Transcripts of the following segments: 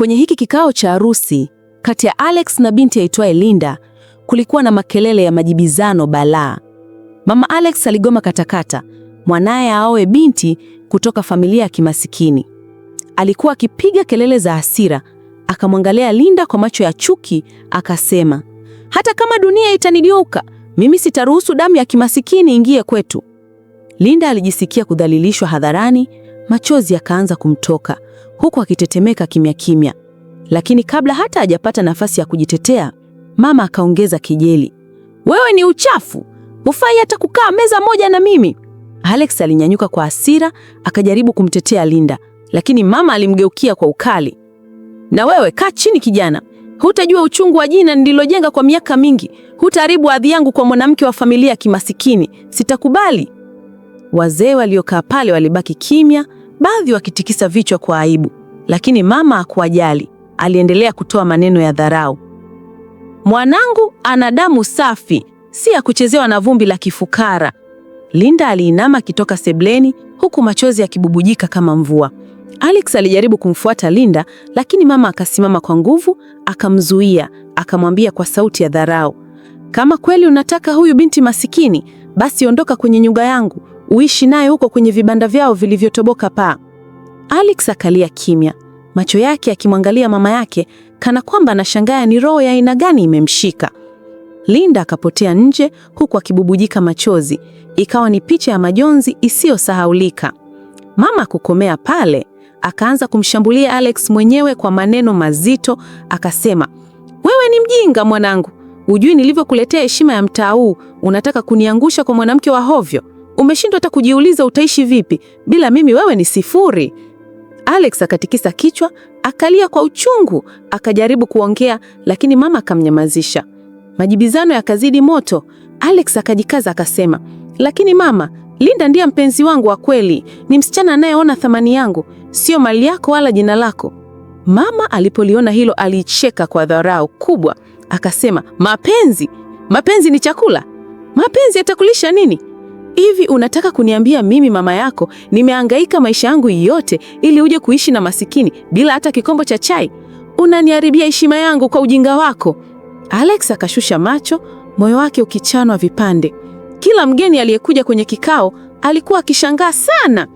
Kwenye hiki kikao cha harusi kati ya Alex na binti aitwaye Linda kulikuwa na makelele ya majibizano balaa. Mama Alex aligoma katakata mwanaye aoe binti kutoka familia ya kimasikini. Alikuwa akipiga kelele za hasira, akamwangalia Linda kwa macho ya chuki, akasema, hata kama dunia itanigeuka mimi sitaruhusu damu ya kimasikini ingie kwetu. Linda alijisikia kudhalilishwa hadharani, machozi yakaanza kumtoka huku akitetemeka kimya kimya. Lakini kabla hata hajapata nafasi ya kujitetea, mama akaongeza kijeli, wewe ni uchafu, hufai hata kukaa meza moja na mimi. Alex alinyanyuka kwa hasira, akajaribu kumtetea Linda, lakini mama alimgeukia kwa ukali, na wewe kaa chini kijana, hutajua uchungu wa jina nililojenga kwa miaka mingi, hutaharibu adhi yangu kwa mwanamke wa familia ya kimasikini, sitakubali. Wazee waliokaa pale walibaki kimya, baadhi wakitikisa vichwa kwa aibu, lakini mama hakuwajali. Aliendelea kutoa maneno ya dharau. Mwanangu ana damu safi, si ya kuchezewa na vumbi la kifukara. Linda aliinama akitoka sebleni, huku machozi yakibubujika kama mvua. Alex alijaribu kumfuata Linda, lakini mama akasimama kwa nguvu, akamzuia, akamwambia kwa sauti ya dharau, kama kweli unataka huyu binti masikini, basi ondoka kwenye nyumba yangu, uishi naye huko kwenye vibanda vyao vilivyotoboka paa. Alex akalia kimya, macho yake akimwangalia mama yake kana kwamba anashangaa ni roho ya aina gani imemshika. Linda akapotea nje huku akibubujika machozi, ikawa ni picha ya majonzi isiyosahaulika. Mama kukomea pale, akaanza kumshambulia Alex mwenyewe kwa maneno mazito, akasema, wewe ni mjinga mwanangu, hujui nilivyokuletea heshima ya mtaa huu, unataka kuniangusha kwa mwanamke wa hovyo umeshindwa hata kujiuliza utaishi vipi bila mimi, wewe ni sifuri. Alex akatikisa kichwa, akalia kwa uchungu, akajaribu kuongea lakini mama akamnyamazisha. Majibizano yakazidi moto. Alex akajikaza akasema, lakini mama, Linda ndiye mpenzi wangu wa kweli, ni msichana anayeona thamani yangu, sio mali yako wala jina lako. Mama alipoliona hilo alicheka kwa dharau kubwa, akasema, mapenzi? Mapenzi ni chakula? Mapenzi yatakulisha nini? Hivi unataka kuniambia mimi mama yako nimehangaika maisha yangu yote ili uje kuishi na masikini bila hata kikombo cha chai? Unaniharibia heshima yangu kwa ujinga wako. Alex akashusha macho, moyo wake ukichanwa vipande. Kila mgeni aliyekuja kwenye kikao alikuwa akishangaa sana.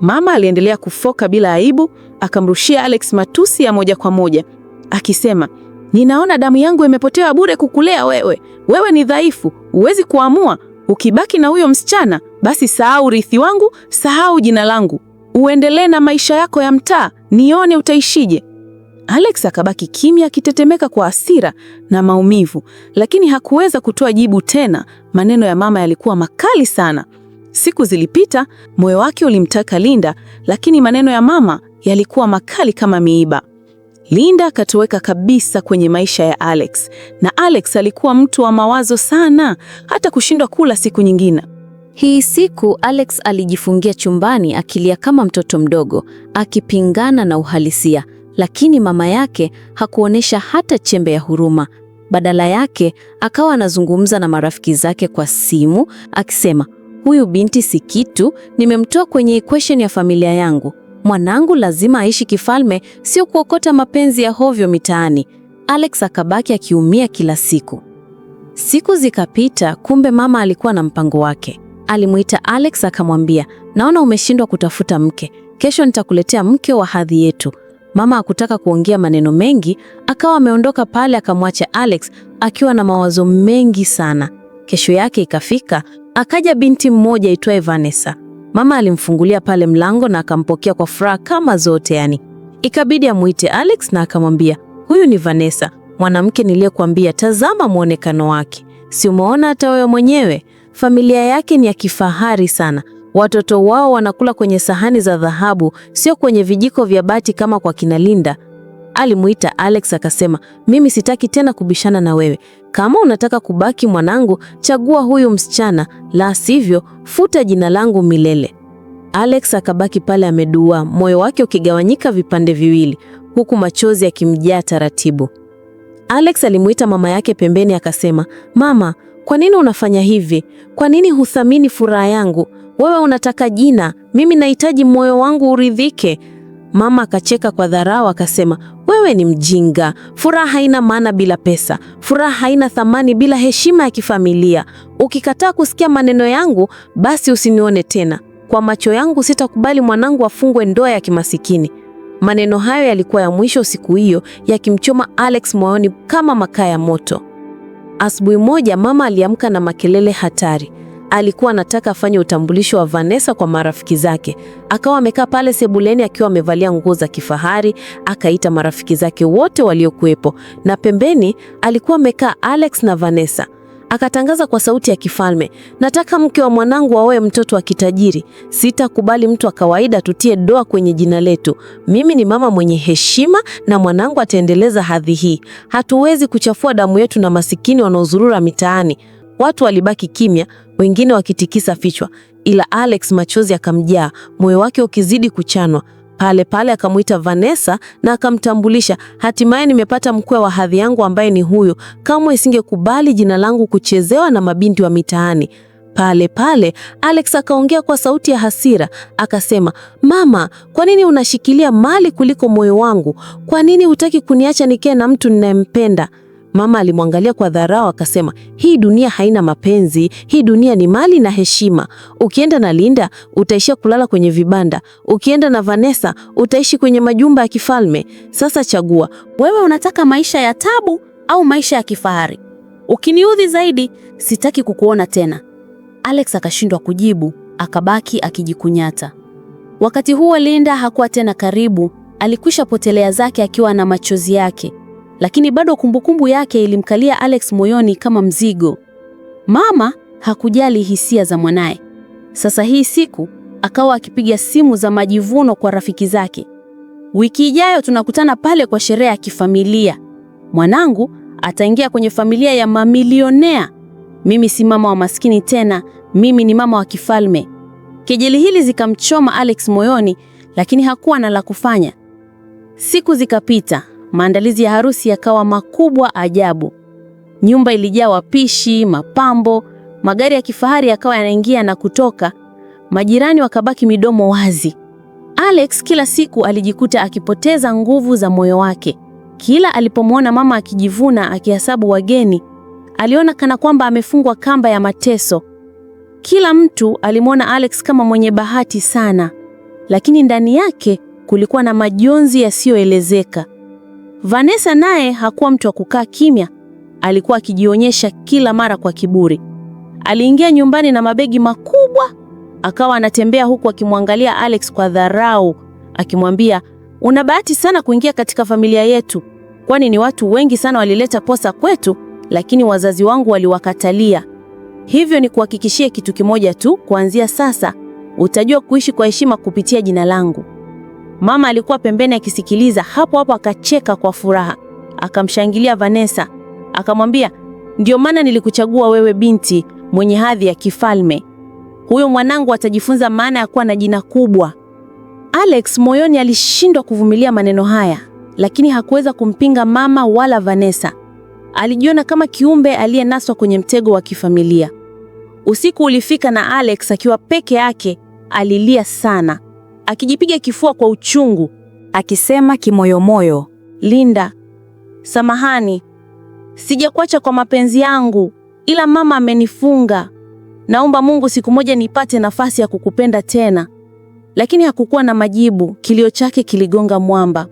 Mama aliendelea kufoka bila aibu, akamrushia Alex matusi ya moja kwa moja akisema, ninaona damu yangu imepotea bure kukulea wewe. Wewe ni dhaifu, huwezi kuamua Ukibaki na huyo msichana, basi sahau urithi wangu, sahau jina langu, uendelee na maisha yako ya mtaa, nione utaishije. Alex akabaki kimya, akitetemeka kwa hasira na maumivu, lakini hakuweza kutoa jibu tena. Maneno ya mama yalikuwa makali sana. Siku zilipita, moyo wake ulimtaka Linda, lakini maneno ya mama yalikuwa makali kama miiba. Linda akatoweka kabisa kwenye maisha ya Alex, na Alex alikuwa mtu wa mawazo sana, hata kushindwa kula siku nyingine. Hii siku Alex alijifungia chumbani akilia kama mtoto mdogo, akipingana na uhalisia, lakini mama yake hakuonesha hata chembe ya huruma. Badala yake akawa anazungumza na marafiki zake kwa simu akisema, huyu binti si kitu, nimemtoa kwenye equation ya familia yangu mwanangu lazima aishi kifalme, sio kuokota mapenzi ya hovyo mitaani. Alex akabaki akiumia kila siku. Siku zikapita, kumbe mama alikuwa na mpango wake. Alimuita Alex akamwambia, naona umeshindwa kutafuta mke, kesho nitakuletea mke wa hadhi yetu. Mama hakutaka kuongea maneno mengi, akawa ameondoka pale, akamwacha Alex akiwa na mawazo mengi sana. Kesho yake ikafika, akaja binti mmoja aitwaye Vanessa. Mama alimfungulia pale mlango na akampokea kwa furaha kama zote yani. Ikabidi amuite Alex na akamwambia, huyu ni Vanessa, mwanamke niliyekuambia. Tazama mwonekano wake, si umeona hata wewe mwenyewe. Familia yake ni ya kifahari sana, watoto wao wanakula kwenye sahani za dhahabu, sio kwenye vijiko vya bati kama kwa kina Linda alimuita Alex akasema, mimi sitaki tena kubishana na wewe. Kama unataka kubaki mwanangu, chagua huyu msichana, la sivyo futa jina langu milele. Alex akabaki pale amedua, moyo wake ukigawanyika vipande viwili, huku machozi yakimjaa taratibu. Alex alimuita mama yake pembeni akasema, mama, kwa nini unafanya hivi? Kwa nini huthamini furaha yangu? Wewe unataka jina, mimi nahitaji moyo wangu uridhike. Mama akacheka kwa dharau akasema, wewe ni mjinga. Furaha haina maana bila pesa, furaha haina thamani bila heshima ya kifamilia. Ukikataa kusikia maneno yangu, basi usinione tena. Kwa macho yangu sitakubali mwanangu afungwe ndoa ya kimasikini. Maneno hayo yalikuwa ya mwisho siku hiyo, yakimchoma Alex moyoni kama makaa ya moto. Asubuhi moja mama aliamka na makelele hatari alikuwa anataka afanye utambulisho wa Vanessa kwa marafiki zake. Akawa amekaa pale sebuleni akiwa amevalia nguo za kifahari, akaita marafiki zake wote waliokuwepo, na pembeni alikuwa amekaa Alex na Vanessa. Akatangaza kwa sauti ya kifalme, nataka mke wa mwanangu aoe mtoto wa kitajiri. Sitakubali mtu wa kawaida tutie doa kwenye jina letu. Mimi ni mama mwenye heshima na mwanangu ataendeleza hadhi hii. Hatuwezi kuchafua damu yetu na masikini wanaozurura mitaani. Watu walibaki kimya, wengine wakitikisa vichwa, ila Alex machozi akamjaa, moyo wake ukizidi kuchanwa. Pale pale akamwita Vanessa na akamtambulisha, hatimaye nimepata mkwe wa hadhi yangu ambaye ni huyu, kamwe isingekubali jina langu kuchezewa na mabinti wa mitaani. Pale pale Alex akaongea kwa sauti ya hasira, akasema, mama, kwa nini unashikilia mali kuliko moyo wangu? Kwa nini hutaki kuniacha nikae na mtu ninayempenda? Mama alimwangalia kwa dharau akasema, hii dunia haina mapenzi, hii dunia ni mali na heshima. Ukienda na Linda utaishia kulala kwenye vibanda, ukienda na Vanessa utaishi kwenye majumba ya kifalme. Sasa chagua wewe, unataka maisha ya tabu au maisha ya kifahari? Ukiniudhi zaidi, sitaki kukuona tena. Alex akashindwa kujibu, akabaki akijikunyata. Wakati huo Linda hakuwa tena karibu, alikwisha potelea zake akiwa na machozi yake lakini bado kumbukumbu yake ilimkalia Alex moyoni kama mzigo. Mama hakujali hisia za mwanaye. Sasa hii siku akawa akipiga simu za majivuno kwa rafiki zake. Wiki ijayo tunakutana pale kwa sherehe ya kifamilia. Mwanangu ataingia kwenye familia ya mamilionea. Mimi si mama wa maskini tena, mimi ni mama wa kifalme. Kejeli hili zikamchoma Alex moyoni, lakini hakuwa na la kufanya. Siku zikapita, Maandalizi ya harusi yakawa makubwa ajabu. Nyumba ilijaa wapishi, mapambo, magari ya kifahari yakawa yanaingia na kutoka. Majirani wakabaki midomo wazi. Alex kila siku alijikuta akipoteza nguvu za moyo wake. Kila alipomwona mama akijivuna akihesabu wageni, aliona kana kwamba amefungwa kamba ya mateso. Kila mtu alimwona Alex kama mwenye bahati sana, lakini ndani yake kulikuwa na majonzi yasiyoelezeka. Vanessa naye hakuwa mtu wa kukaa kimya, alikuwa akijionyesha kila mara kwa kiburi. Aliingia nyumbani na mabegi makubwa, akawa anatembea huku akimwangalia Alex kwa dharau, akimwambia una bahati sana kuingia katika familia yetu, kwani ni watu wengi sana walileta posa kwetu, lakini wazazi wangu waliwakatalia. Hivyo ni kuhakikishie kitu kimoja tu, kuanzia sasa utajua kuishi kwa heshima kupitia jina langu. Mama alikuwa pembeni akisikiliza, hapo hapo akacheka kwa furaha, akamshangilia Vanessa, akamwambia ndio maana nilikuchagua wewe, binti mwenye hadhi ya kifalme. Huyo mwanangu atajifunza maana ya kuwa na jina kubwa. Alex moyoni alishindwa kuvumilia maneno haya, lakini hakuweza kumpinga mama wala Vanessa. Alijiona kama kiumbe aliyenaswa kwenye mtego wa kifamilia. Usiku ulifika na Alex akiwa peke yake, alilia sana akijipiga kifua kwa uchungu, akisema kimoyomoyo, Linda, samahani, sijakuacha kwa mapenzi yangu, ila mama amenifunga. Naomba Mungu siku moja nipate nafasi ya kukupenda tena. Lakini hakukuwa na majibu, kilio chake kiligonga mwamba.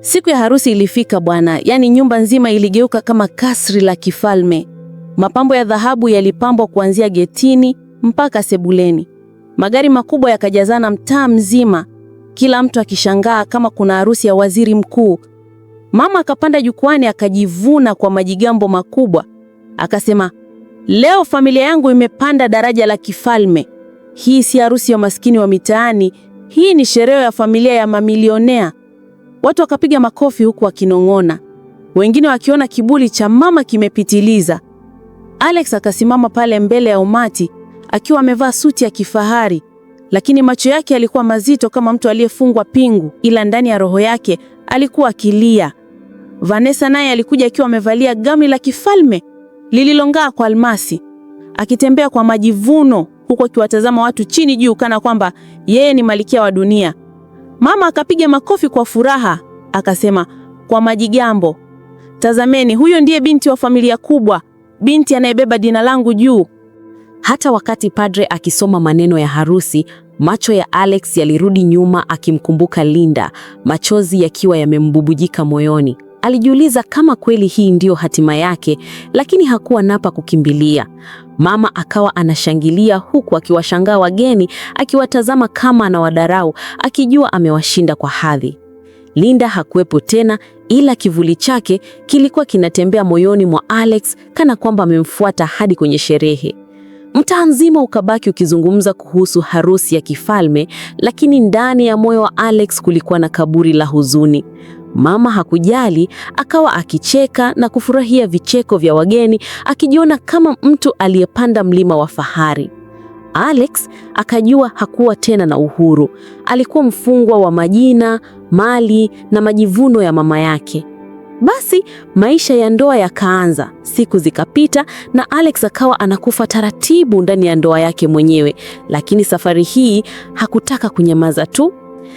Siku ya harusi ilifika bwana, yaani nyumba nzima iligeuka kama kasri la kifalme. Mapambo ya dhahabu yalipambwa kuanzia getini mpaka sebuleni. Magari makubwa yakajazana mtaa mzima, kila mtu akishangaa kama kuna harusi ya waziri mkuu. Mama akapanda jukwani, akajivuna kwa majigambo makubwa, akasema, leo familia yangu imepanda daraja la kifalme. Hii si harusi ya maskini wa mitaani, hii ni sherehe ya familia ya mamilionea. Watu wakapiga makofi huku wakinong'ona, wengine wakiona kibuli cha mama kimepitiliza. Alex akasimama pale mbele ya umati akiwa amevaa suti ya kifahari, lakini macho yake yalikuwa mazito kama mtu aliyefungwa pingu, ila ndani ya roho yake alikuwa akilia. Vanessa naye alikuja akiwa amevalia gauni la kifalme lililong'aa kwa almasi, akitembea kwa majivuno, huku akiwatazama watu chini juu, kana kwamba yeye ni malikia wa dunia. Mama akapiga makofi kwa furaha, akasema kwa majigambo, tazameni, huyo ndiye binti wa familia kubwa, binti anayebeba jina langu juu. Hata wakati padre akisoma maneno ya harusi, macho ya Alex yalirudi nyuma akimkumbuka Linda, machozi yakiwa yamembubujika moyoni. Alijiuliza kama kweli hii ndiyo hatima yake, lakini hakuwa napa kukimbilia. Mama akawa anashangilia huku akiwashangaa wageni, akiwatazama kama wadarau akijua amewashinda kwa hadhi. Linda hakuwepo tena, ila kivuli chake kilikuwa kinatembea moyoni mwa Alex kana kwamba amemfuata hadi kwenye sherehe. Mtaa mzima ukabaki ukizungumza kuhusu harusi ya kifalme, lakini ndani ya moyo wa Alex kulikuwa na kaburi la huzuni. Mama hakujali, akawa akicheka na kufurahia vicheko vya wageni, akijiona kama mtu aliyepanda mlima wa fahari. Alex akajua hakuwa tena na uhuru. Alikuwa mfungwa wa majina, mali na majivuno ya mama yake. Basi maisha ya ndoa yakaanza. Siku zikapita na Alex akawa anakufa taratibu ndani ya ndoa yake mwenyewe, lakini safari hii hakutaka kunyamaza tu.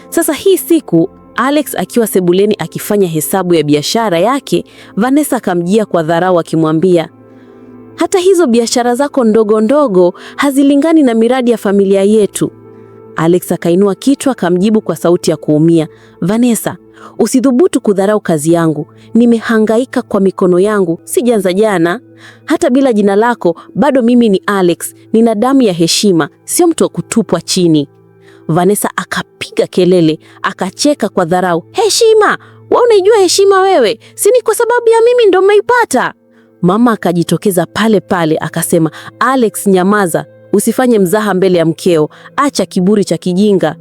Sasa hii siku Alex akiwa sebuleni akifanya hesabu ya biashara yake, Vanessa akamjia kwa dharau akimwambia, hata hizo biashara zako ndogo ndogo hazilingani na miradi ya familia yetu. Alex akainua kichwa akamjibu kwa sauti ya kuumia, Vanessa, usidhubutu kudharau kazi yangu. Nimehangaika kwa mikono yangu, sijaanza jana. Hata bila jina lako, bado mimi ni Alex, nina damu ya heshima, sio mtu wa kutupwa chini. Vanessa akapiga kelele, akacheka kwa dharau. Heshima? Wewe unaijua heshima wewe? Si ni kwa sababu ya mimi ndo mmeipata? Mama akajitokeza pale pale akasema, Alex, nyamaza, Usifanye mzaha mbele ya mkeo, acha kiburi cha kijinga.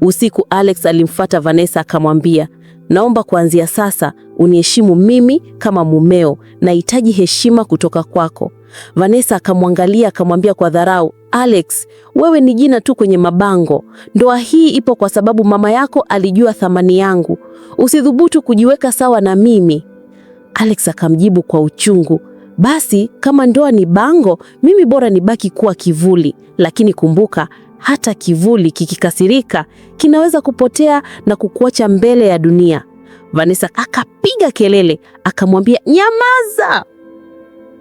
Usiku Alex alimfuata Vanessa akamwambia, naomba kuanzia sasa uniheshimu mimi kama mumeo, nahitaji heshima kutoka kwako. Vanessa akamwangalia akamwambia kwa dharau, Alex, wewe ni jina tu kwenye mabango. Ndoa hii ipo kwa sababu mama yako alijua thamani yangu. Usidhubutu kujiweka sawa na mimi. Alex akamjibu kwa uchungu, basi kama ndoa ni bango, mimi bora nibaki kuwa kivuli. Lakini kumbuka, hata kivuli kikikasirika kinaweza kupotea na kukuacha mbele ya dunia. Vanessa akapiga kelele, akamwambia nyamaza.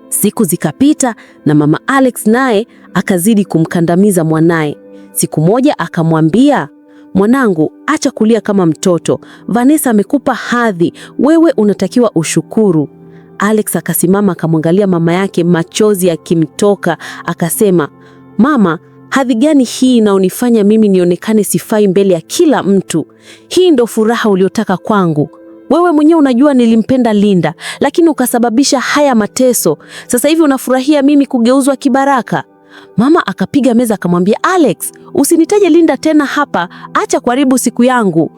Siku zikapita na mama Alex naye akazidi kumkandamiza mwanaye. Siku moja akamwambia, mwanangu, acha kulia kama mtoto. Vanessa amekupa hadhi, wewe unatakiwa ushukuru. Alex akasimama akamwangalia mama yake, machozi yakimtoka, akasema, mama, hadhi gani hii inaonifanya mimi nionekane sifai mbele ya kila mtu? Hii ndo furaha uliotaka kwangu? Wewe mwenyewe unajua nilimpenda Linda, lakini ukasababisha haya mateso. Sasa hivi unafurahia mimi kugeuzwa kibaraka? Mama akapiga meza akamwambia Alex, usinitaje Linda tena hapa, acha kuharibu siku yangu.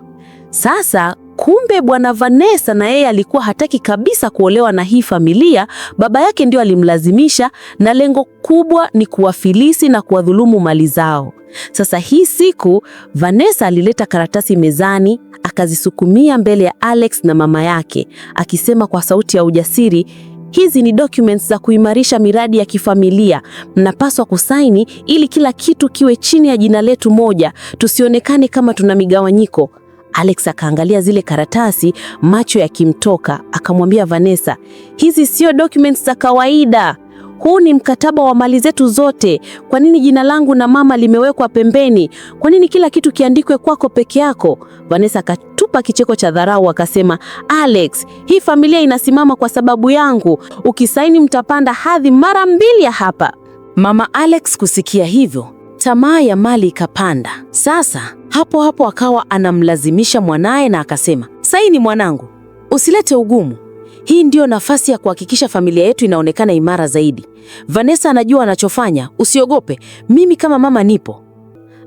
Sasa Kumbe bwana Vanessa na yeye alikuwa hataki kabisa kuolewa na hii familia. Baba yake ndio alimlazimisha, na lengo kubwa ni kuwafilisi na kuwadhulumu mali zao. Sasa hii siku Vanessa alileta karatasi mezani, akazisukumia mbele ya Alex na mama yake, akisema kwa sauti ya ujasiri, hizi ni documents za kuimarisha miradi ya kifamilia, mnapaswa kusaini ili kila kitu kiwe chini ya jina letu moja, tusionekane kama tuna migawanyiko. Alex akaangalia zile karatasi, macho yakimtoka, akamwambia Vanessa, hizi sio documents za kawaida. Huu ni mkataba wa mali zetu zote. Kwa nini jina langu na mama limewekwa pembeni? Kwa nini kila kitu kiandikwe kwako peke yako? Vanessa akatupa kicheko cha dharau akasema, Alex, hii familia inasimama kwa sababu yangu. Ukisaini mtapanda hadhi mara mbili ya hapa. Mama Alex kusikia hivyo tamaa ya mali ikapanda. Sasa hapo hapo akawa anamlazimisha mwanaye na akasema, saini mwanangu, usilete ugumu. Hii ndiyo nafasi ya kuhakikisha familia yetu inaonekana imara zaidi. Vanessa anajua anachofanya, usiogope, mimi kama mama nipo.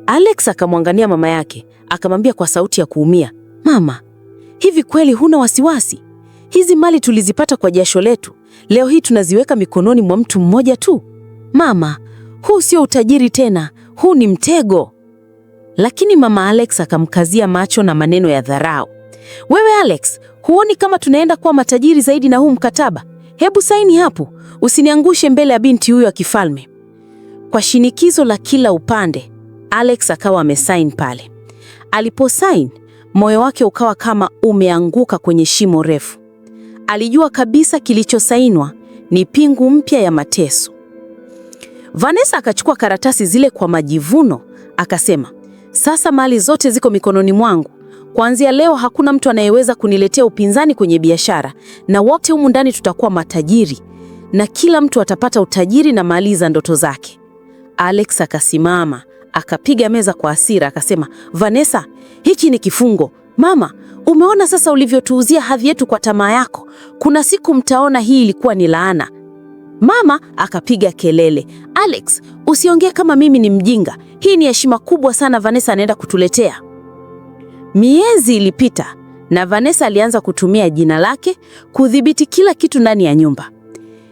Alex akamwangalia mama yake akamwambia kwa sauti ya kuumia, mama, hivi kweli huna wasiwasi? Hizi mali tulizipata kwa jasho letu, leo hii tunaziweka mikononi mwa mtu mmoja tu? Mama, huu sio utajiri tena, huu ni mtego. Lakini mama Alex akamkazia macho na maneno ya dharau, wewe Alex, huoni kama tunaenda kuwa matajiri zaidi na huu mkataba? Hebu saini hapo, usiniangushe mbele ya binti huyo wa kifalme. Kwa shinikizo la kila upande, Alex akawa amesaini pale. Aliposaini, moyo wake ukawa kama umeanguka kwenye shimo refu. Alijua kabisa kilichosainwa ni pingu mpya ya mateso. Vanessa akachukua karatasi zile kwa majivuno, akasema, sasa mali zote ziko mikononi mwangu. Kuanzia leo hakuna mtu anayeweza kuniletea upinzani kwenye biashara, na wote humu ndani tutakuwa matajiri na kila mtu atapata utajiri na mali za ndoto zake. Alex akasimama akapiga meza kwa hasira, akasema, Vanessa, hiki ni kifungo. Mama, umeona sasa ulivyotuuzia hadhi yetu kwa tamaa yako. Kuna siku mtaona hii ilikuwa ni laana, Mama akapiga kelele, Alex, usiongee kama mimi ni mjinga. Hii ni heshima kubwa sana Vanessa anaenda kutuletea. Miezi ilipita na Vanessa alianza kutumia jina lake kudhibiti kila kitu ndani ya nyumba.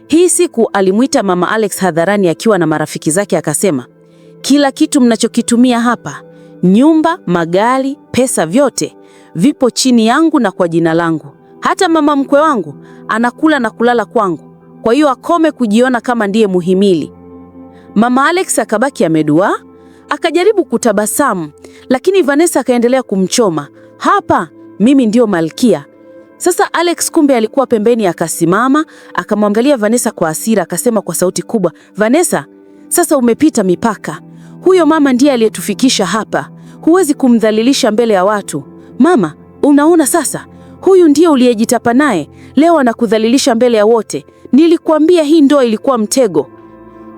Hii siku alimwita mama Alex hadharani akiwa na marafiki zake akasema, kila kitu mnachokitumia hapa, nyumba, magari, pesa, vyote vipo chini yangu na kwa jina langu. Hata mama mkwe wangu anakula na kulala kwangu kwa hiyo akome kujiona kama ndiye muhimili. Mama Alex akabaki ameduaa, akajaribu kutabasamu, lakini Vanessa akaendelea kumchoma, hapa mimi ndiyo malkia. Sasa Alex kumbe alikuwa pembeni, akasimama akamwangalia Vanessa kwa hasira, akasema kwa sauti kubwa, Vanessa, sasa umepita mipaka. Huyo mama ndiye aliyetufikisha hapa, huwezi kumdhalilisha mbele ya watu. Mama, unaona sasa, huyu ndiye uliyejitapa naye, leo anakudhalilisha mbele ya wote. Nilikuambia hii ndoa ilikuwa mtego.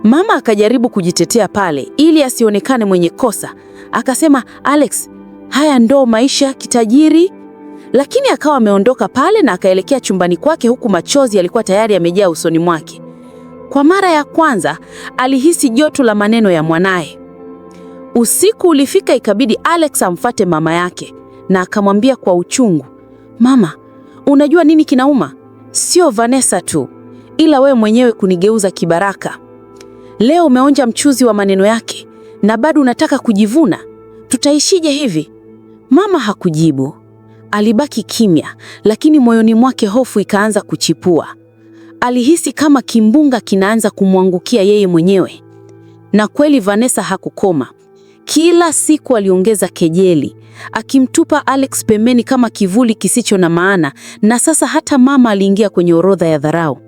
Mama akajaribu kujitetea pale ili asionekane mwenye kosa, akasema, Alex, haya ndo maisha kitajiri. Lakini akawa ameondoka pale na akaelekea chumbani kwake, huku machozi yalikuwa tayari yamejaa usoni mwake. Kwa mara ya kwanza alihisi joto la maneno ya mwanaye. Usiku ulifika, ikabidi Alex amfate mama yake na akamwambia kwa uchungu, mama, unajua nini kinauma? Sio Vanessa tu ila wewe mwenyewe kunigeuza kibaraka. Leo umeonja mchuzi wa maneno yake na bado unataka kujivuna. Tutaishije hivi? Mama hakujibu, alibaki kimya, lakini moyoni mwake hofu ikaanza kuchipua. Alihisi kama kimbunga kinaanza kumwangukia yeye mwenyewe. Na kweli Vanessa hakukoma. Kila siku aliongeza kejeli, akimtupa Alex pembeni kama kivuli kisicho na maana, na sasa hata mama aliingia kwenye orodha ya dharau.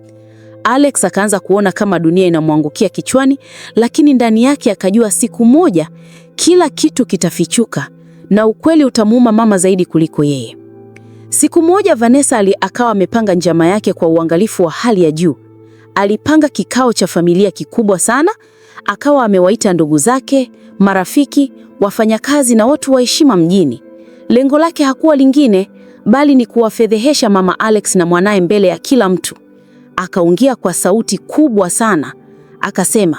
Alex akaanza kuona kama dunia inamwangukia kichwani, lakini ndani yake akajua siku moja kila kitu kitafichuka na ukweli utamuuma mama zaidi kuliko yeye. Siku moja Vanessa ali akawa amepanga njama yake kwa uangalifu wa hali ya juu. Alipanga kikao cha familia kikubwa sana, akawa amewaita ndugu zake, marafiki, wafanyakazi na watu wa heshima mjini. Lengo lake hakuwa lingine bali ni kuwafedhehesha mama Alex na mwanaye mbele ya kila mtu akaongea kwa sauti kubwa sana, akasema,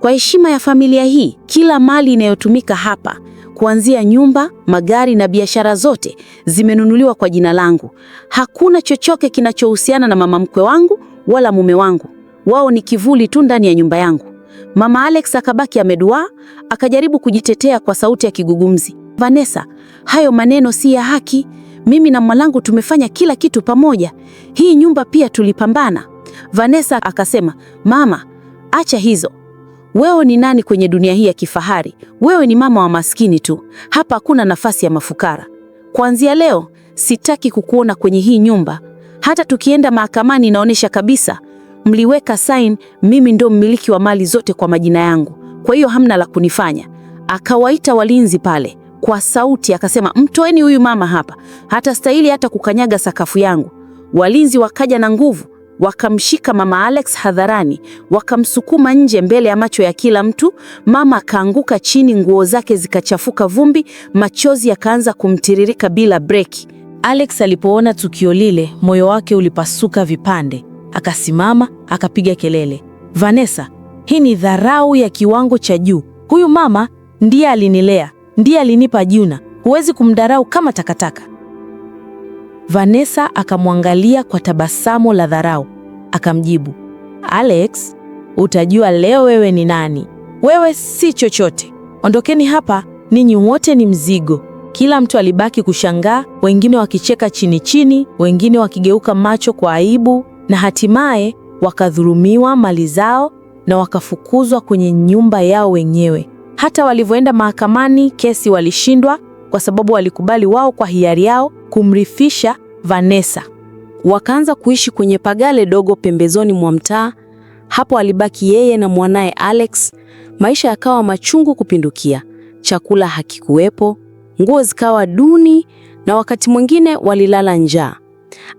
kwa heshima ya familia hii, kila mali inayotumika hapa kuanzia nyumba, magari na biashara zote zimenunuliwa kwa jina langu. Hakuna chochote kinachohusiana na mama mkwe wangu wala mume wangu, wao ni kivuli tu ndani ya nyumba yangu. Mama Alex akabaki ameduaa, akajaribu kujitetea kwa sauti ya kigugumzi, Vanessa, hayo maneno si ya haki. Mimi na mwalangu tumefanya kila kitu pamoja, hii nyumba pia tulipambana. Vanessa akasema, mama, acha hizo. Wewe ni nani kwenye dunia hii ya kifahari? Wewe ni mama wa maskini tu, hapa hakuna nafasi ya mafukara. Kuanzia leo sitaki kukuona kwenye hii nyumba. Hata tukienda mahakamani, inaonyesha kabisa mliweka sign, mimi ndo mmiliki wa mali zote kwa majina yangu, kwa hiyo hamna la kunifanya. Akawaita walinzi pale kwa sauti akasema, mtoeni huyu mama hapa, hata stahili hata kukanyaga sakafu yangu. Walinzi wakaja na nguvu Wakamshika mama Alex hadharani, wakamsukuma nje mbele ya macho ya kila mtu. Mama akaanguka chini, nguo zake zikachafuka vumbi, machozi yakaanza kumtiririka bila breki. Alex alipoona tukio lile, moyo wake ulipasuka vipande. Akasimama, akapiga kelele, Vanessa, hii ni dharau ya kiwango cha juu. Huyu mama ndiye alinilea, ndiye alinipa Juna. Huwezi kumdharau kama takataka. Vanessa akamwangalia kwa tabasamu la dharau, akamjibu, Alex, utajua leo wewe ni nani. Wewe si chochote, ondokeni hapa, ninyi wote ni mzigo. Kila mtu alibaki kushangaa, wengine wakicheka chini chini, wengine wakigeuka macho kwa aibu, na hatimaye wakadhulumiwa mali zao na wakafukuzwa kwenye nyumba yao wenyewe. Hata walivyoenda mahakamani, kesi walishindwa, kwa sababu walikubali wao kwa hiari yao kumrifisha Vanessa. Wakaanza kuishi kwenye pagale dogo pembezoni mwa mtaa. Hapo alibaki yeye na mwanaye Alex. Maisha yakawa machungu kupindukia, chakula hakikuwepo, nguo zikawa duni, na wakati mwingine walilala njaa.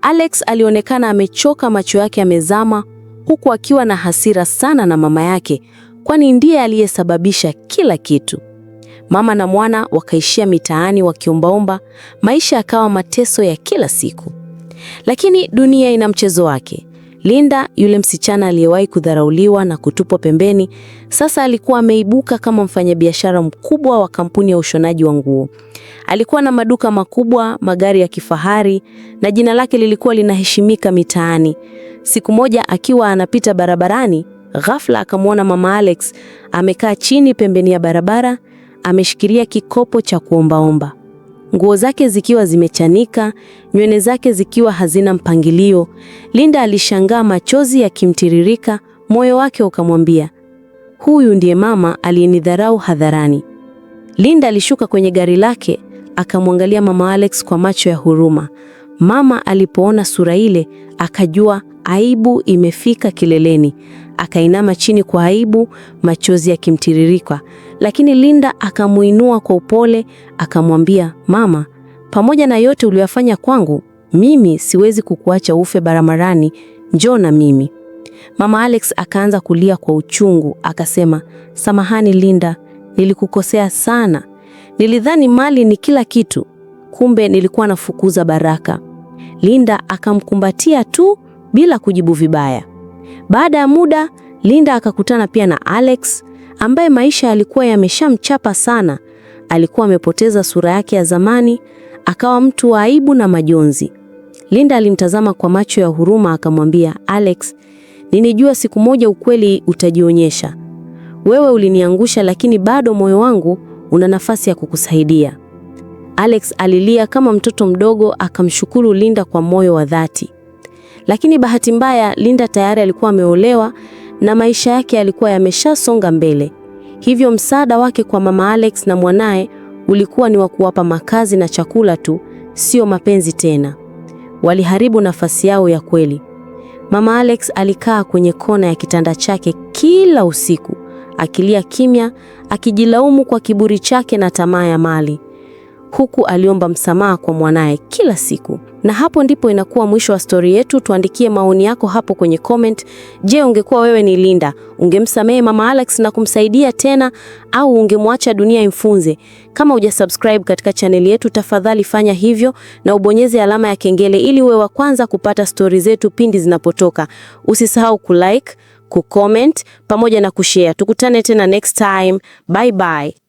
Alex alionekana amechoka, macho yake yamezama, huku akiwa na hasira sana na mama yake, kwani ndiye aliyesababisha kila kitu. Mama na mwana wakaishia mitaani wakiombaomba, maisha yakawa mateso ya kila siku. Lakini dunia ina mchezo wake. Linda, yule msichana aliyewahi kudharauliwa na kutupwa pembeni, sasa alikuwa ameibuka kama mfanyabiashara mkubwa wa kampuni ya ushonaji wa nguo. Alikuwa na maduka makubwa, magari ya kifahari na jina lake lilikuwa linaheshimika mitaani. Siku moja akiwa anapita barabarani, ghafla akamwona Mama Alex amekaa chini pembeni ya barabara ameshikilia kikopo cha kuombaomba, nguo zake zikiwa zimechanika, nywele zake zikiwa hazina mpangilio. Linda alishangaa, machozi yakimtiririka, moyo wake ukamwambia, huyu ndiye mama aliyenidharau hadharani. Linda alishuka kwenye gari lake, akamwangalia mama Alex kwa macho ya huruma. Mama alipoona sura ile, akajua aibu imefika kileleni. Akainama chini kwa aibu, machozi yakimtiririka, lakini Linda akamuinua kwa upole, akamwambia, mama, pamoja na yote uliyofanya kwangu, mimi siwezi kukuacha ufe barabarani, njoo na mimi. Mama Alex akaanza kulia kwa uchungu, akasema, samahani Linda, nilikukosea sana. Nilidhani mali ni kila kitu, kumbe nilikuwa nafukuza baraka. Linda akamkumbatia tu bila kujibu vibaya. Baada ya muda, Linda akakutana pia na Alex ambaye maisha yalikuwa yameshamchapa sana. Alikuwa amepoteza sura yake ya zamani, akawa mtu wa aibu na majonzi. Linda alimtazama kwa macho ya huruma, akamwambia Alex, ninijua siku moja ukweli utajionyesha. Wewe uliniangusha, lakini bado moyo wangu una nafasi ya kukusaidia. Alex alilia kama mtoto mdogo, akamshukuru Linda kwa moyo wa dhati. Lakini bahati mbaya, Linda tayari alikuwa ameolewa na maisha yake yalikuwa yameshasonga mbele. Hivyo msaada wake kwa mama Alex na mwanaye ulikuwa ni wa kuwapa makazi na chakula tu, sio mapenzi tena. Waliharibu nafasi yao ya kweli. Mama Alex alikaa kwenye kona ya kitanda chake kila usiku, akilia kimya, akijilaumu kwa kiburi chake na tamaa ya mali huku aliomba msamaha kwa mwanaye kila siku. Na hapo ndipo inakuwa mwisho wa stori yetu. Tuandikie maoni yako hapo kwenye comment. Je, ungekuwa wewe ni Linda, ungemsamehe mama Alex na kumsaidia tena, au ungemwacha dunia imfunze? Kama hujasubscribe katika chaneli yetu, tafadhali fanya hivyo na ubonyeze alama ya kengele ili uwe wa kwanza kupata stori zetu pindi zinapotoka. Usisahau kulike, kucomment pamoja na kushare. Tukutane tena next time. Bye bye.